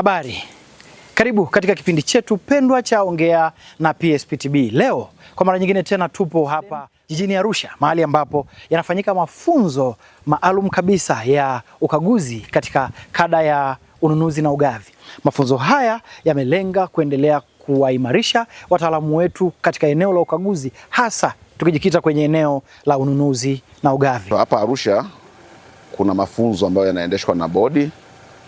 Habari, karibu katika kipindi chetu pendwa cha Ongea na PSPTB. Leo kwa mara nyingine tena tupo hapa jijini Arusha, mahali ambapo yanafanyika mafunzo maalum kabisa ya ukaguzi katika kada ya ununuzi na ugavi. Mafunzo haya yamelenga kuendelea kuwaimarisha wataalamu wetu katika eneo la ukaguzi, hasa tukijikita kwenye eneo la ununuzi na ugavi. Hapa Arusha kuna mafunzo ambayo yanaendeshwa na bodi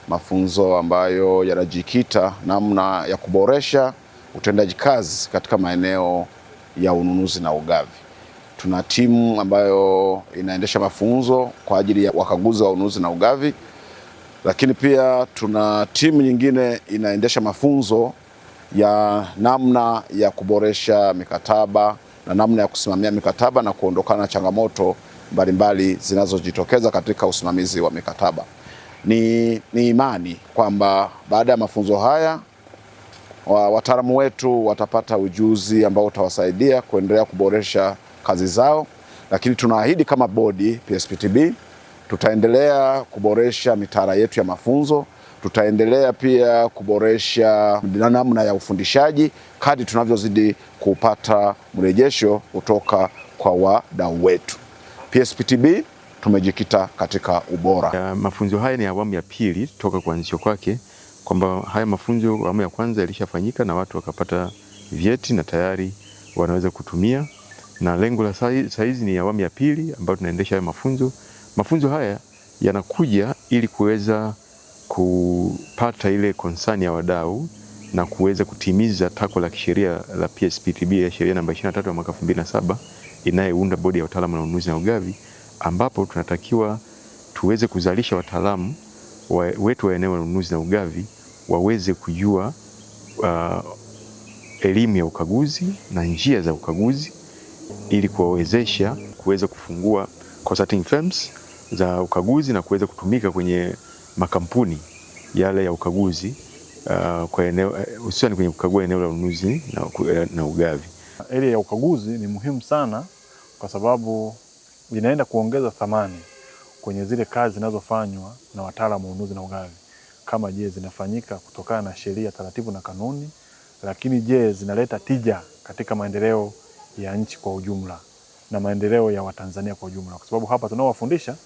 mafunzo ambayo yanajikita namna ya kuboresha utendaji kazi katika maeneo ya ununuzi na ugavi. Tuna timu ambayo inaendesha mafunzo kwa ajili ya wakaguzi wa ununuzi na ugavi, lakini pia tuna timu nyingine inaendesha mafunzo ya namna ya kuboresha mikataba na namna ya kusimamia mikataba na kuondokana na changamoto mbalimbali zinazojitokeza katika usimamizi wa mikataba. Ni, ni imani kwamba baada ya mafunzo haya wataalamu wetu watapata ujuzi ambao utawasaidia kuendelea kuboresha kazi zao, lakini tunaahidi kama bodi PSPTB tutaendelea kuboresha mitaala yetu ya mafunzo, tutaendelea pia kuboresha namna ya ufundishaji kadri tunavyozidi kupata mrejesho kutoka kwa wadau wetu. PSPTB tumejikita katika ubora. Mafunzo haya ni awamu ya pili toka kuanzishwa kwake, kwamba haya mafunzo awamu ya kwanza yalishafanyika na watu wakapata vyeti na tayari wanaweza kutumia, na lengo la saizi ni awamu ya pili ambayo tunaendesha haya mafunzo. Mafunzo haya yanakuja ili kuweza kupata ile konsani ya wadau na kuweza kutimiza takwa la kisheria la PSPTB ya sheria namba 23 ya mwaka 2007 inayounda bodi ya utaalamu na ununuzi na ugavi ambapo tunatakiwa tuweze kuzalisha wataalamu wetu wa eneo la ununuzi na ugavi waweze kujua uh, elimu ya ukaguzi na njia za ukaguzi ili kuwawezesha kuweza kufungua consulting firms za ukaguzi na kuweza kutumika kwenye makampuni yale ya ukaguzi uh, kwa eneo eh, hususani kwenye kukagua eneo la ununuzi na, eh, na ugavi. Elimu ya ukaguzi ni muhimu sana kwa sababu inaenda kuongeza thamani kwenye zile kazi zinazofanywa na wataalamu wa ununuzi na ugavi, kama je, zinafanyika kutokana na sheria, taratibu na kanuni, lakini je, zinaleta tija katika maendeleo ya nchi kwa ujumla na maendeleo ya Watanzania kwa ujumla, kwa sababu hapa tunaowafundisha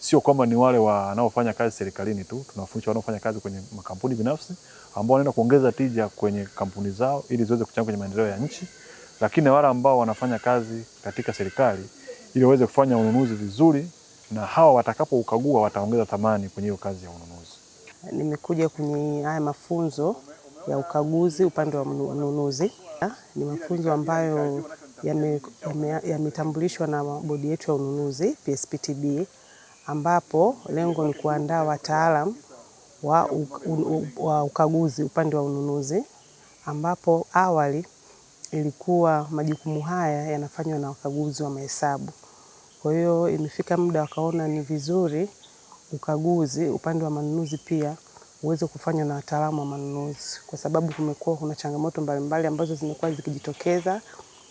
sio kwamba ni wale wanaofanya kazi serikalini tu, tunawafundisha wanaofanya kazi kwenye makampuni binafsi ambao wanaenda kuongeza tija kwenye kampuni zao ili ziweze kuchangia kwenye maendeleo ya nchi, lakini wale ambao wanafanya kazi katika serikali ili waweze kufanya ununuzi vizuri, na hawa watakapoukagua wataongeza thamani kwenye hiyo kazi ya ununuzi. Nimekuja kwenye haya mafunzo ya ukaguzi upande wa ununuzi Ni mafunzo ambayo yametambulishwa yame, yame na bodi yetu ya ununuzi PSPTB, ambapo lengo ni kuandaa wataalam wa, u, u, wa ukaguzi upande wa ununuzi, ambapo awali ilikuwa majukumu haya yanafanywa na wakaguzi wa mahesabu. Kwa hiyo imefika muda wakaona ni vizuri ukaguzi upande wa manunuzi pia uweze kufanywa na wataalamu wa manunuzi, kwa sababu kumekuwa kuna changamoto mbalimbali ambazo zimekuwa zikijitokeza,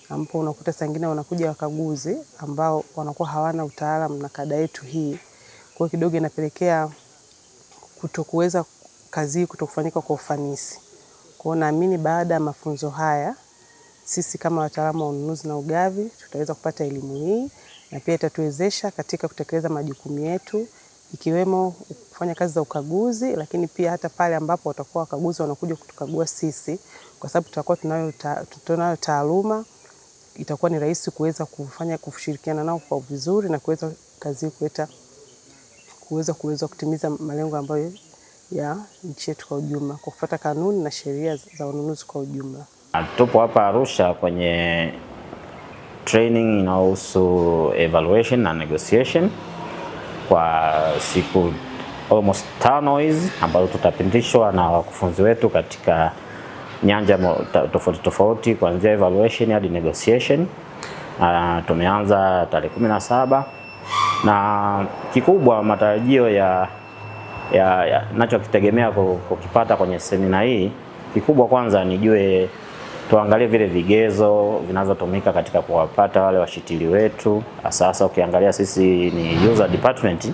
ambapo unakuta saa ingine wanakuja wakaguzi ambao wanakuwa hawana utaalamu na kada yetu hii. Kwa kidogo inapelekea kutokuweza kazi hii kutokufanyika kwa ufanisi. Kwa hiyo naamini baada ya mafunzo haya sisi kama wataalamu wa ununuzi na ugavi tutaweza kupata elimu hii na pia itatuwezesha katika kutekeleza majukumu yetu ikiwemo kufanya kazi za ukaguzi, lakini pia hata pale ambapo watakuwa wakaguzi wanakuja kutukagua sisi, kwa sababu tutakuwa tunayo tunayo taaluma, itakuwa ni rahisi kuweza kufanya kushirikiana nao kwa vizuri na kuweza kazi kuleta kuweza kuweza kutimiza malengo ambayo ya nchi yetu kwa ujumla kwa kufuata kanuni na sheria za ununuzi kwa ujumla. Tupo hapa Arusha kwenye training inayohusu evaluation na negotiation kwa siku almost tano hizi ambazo tutapindishwa na wakufunzi wetu katika nyanja tofauti tofauti kuanzia evaluation hadi negotiation. Uh, tumeanza tarehe 17 na kikubwa matarajio ya, ya, ya nachokitegemea kukipata kwenye semina hii kikubwa kwanza nijue tuangalie vile vigezo vinazotumika katika kuwapata wale washitili wetu. Sasa ukiangalia sisi ni user department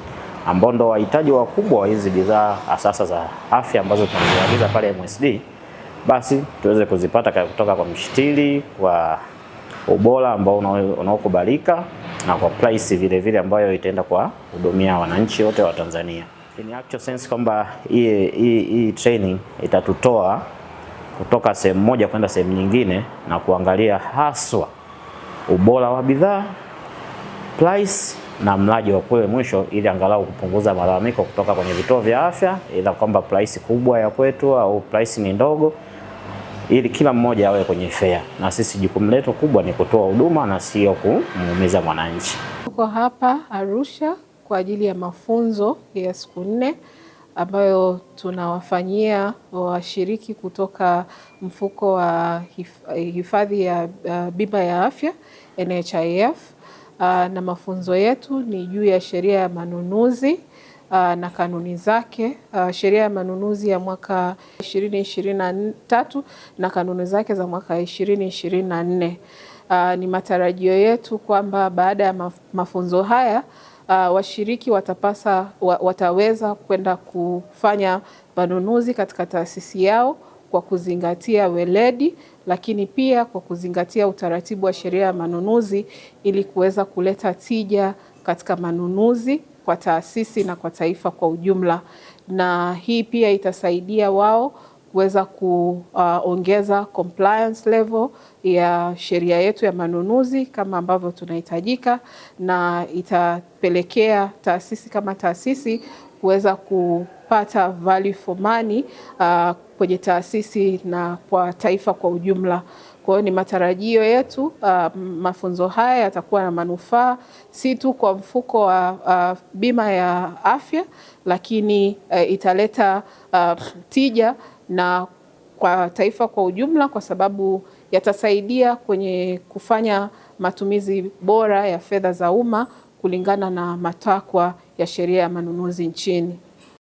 ambao ndo wahitaji wakubwa wa hizi bidhaa asasa za afya ambazo tunaziagiza pale MSD, basi tuweze kuzipata kutoka kwa mshitiri kwa ubora ambao unaokubalika na kwa price vile vile ambayo itaenda kwa hudumia wananchi wote wa Tanzania. In actual sense kwamba hii training itatutoa kutoka sehemu moja kwenda sehemu nyingine na kuangalia haswa ubora wa bidhaa, price na mlaji wa kule mwisho, ili angalau kupunguza malalamiko kutoka kwenye vituo vya afya, ila kwamba price kubwa ya kwetu au price ni ndogo, ili kila mmoja awe kwenye fair. Na sisi jukumu letu kubwa ni kutoa huduma na sio kumuumiza mwananchi. Tuko hapa Arusha kwa ajili ya mafunzo ya siku nne ambayo tunawafanyia washiriki kutoka mfuko wa hifadhi ya bima ya afya NHIF, ah, na mafunzo yetu ni juu ya sheria ya manunuzi ah, na kanuni zake, ah, sheria ya manunuzi ya mwaka 2023 na kanuni zake za mwaka 2024. Ni matarajio yetu kwamba baada ya mafunzo haya uh, washiriki watapasa wataweza kwenda kufanya manunuzi katika taasisi yao kwa kuzingatia weledi, lakini pia kwa kuzingatia utaratibu wa sheria ya manunuzi ili kuweza kuleta tija katika manunuzi kwa taasisi na kwa taifa kwa ujumla. Na hii pia itasaidia wao kuweza kuongeza compliance level ya sheria yetu ya manunuzi kama ambavyo tunahitajika, na itapelekea taasisi kama taasisi kuweza kupata value for money uh, kwenye taasisi na kwa taifa kwa ujumla. Kwa hiyo ni matarajio yetu uh, mafunzo haya yatakuwa na manufaa si tu kwa mfuko wa uh, bima ya afya, lakini uh, italeta uh, tija na kwa taifa kwa ujumla, kwa sababu yatasaidia kwenye kufanya matumizi bora ya fedha za umma kulingana na matakwa ya sheria ya manunuzi nchini.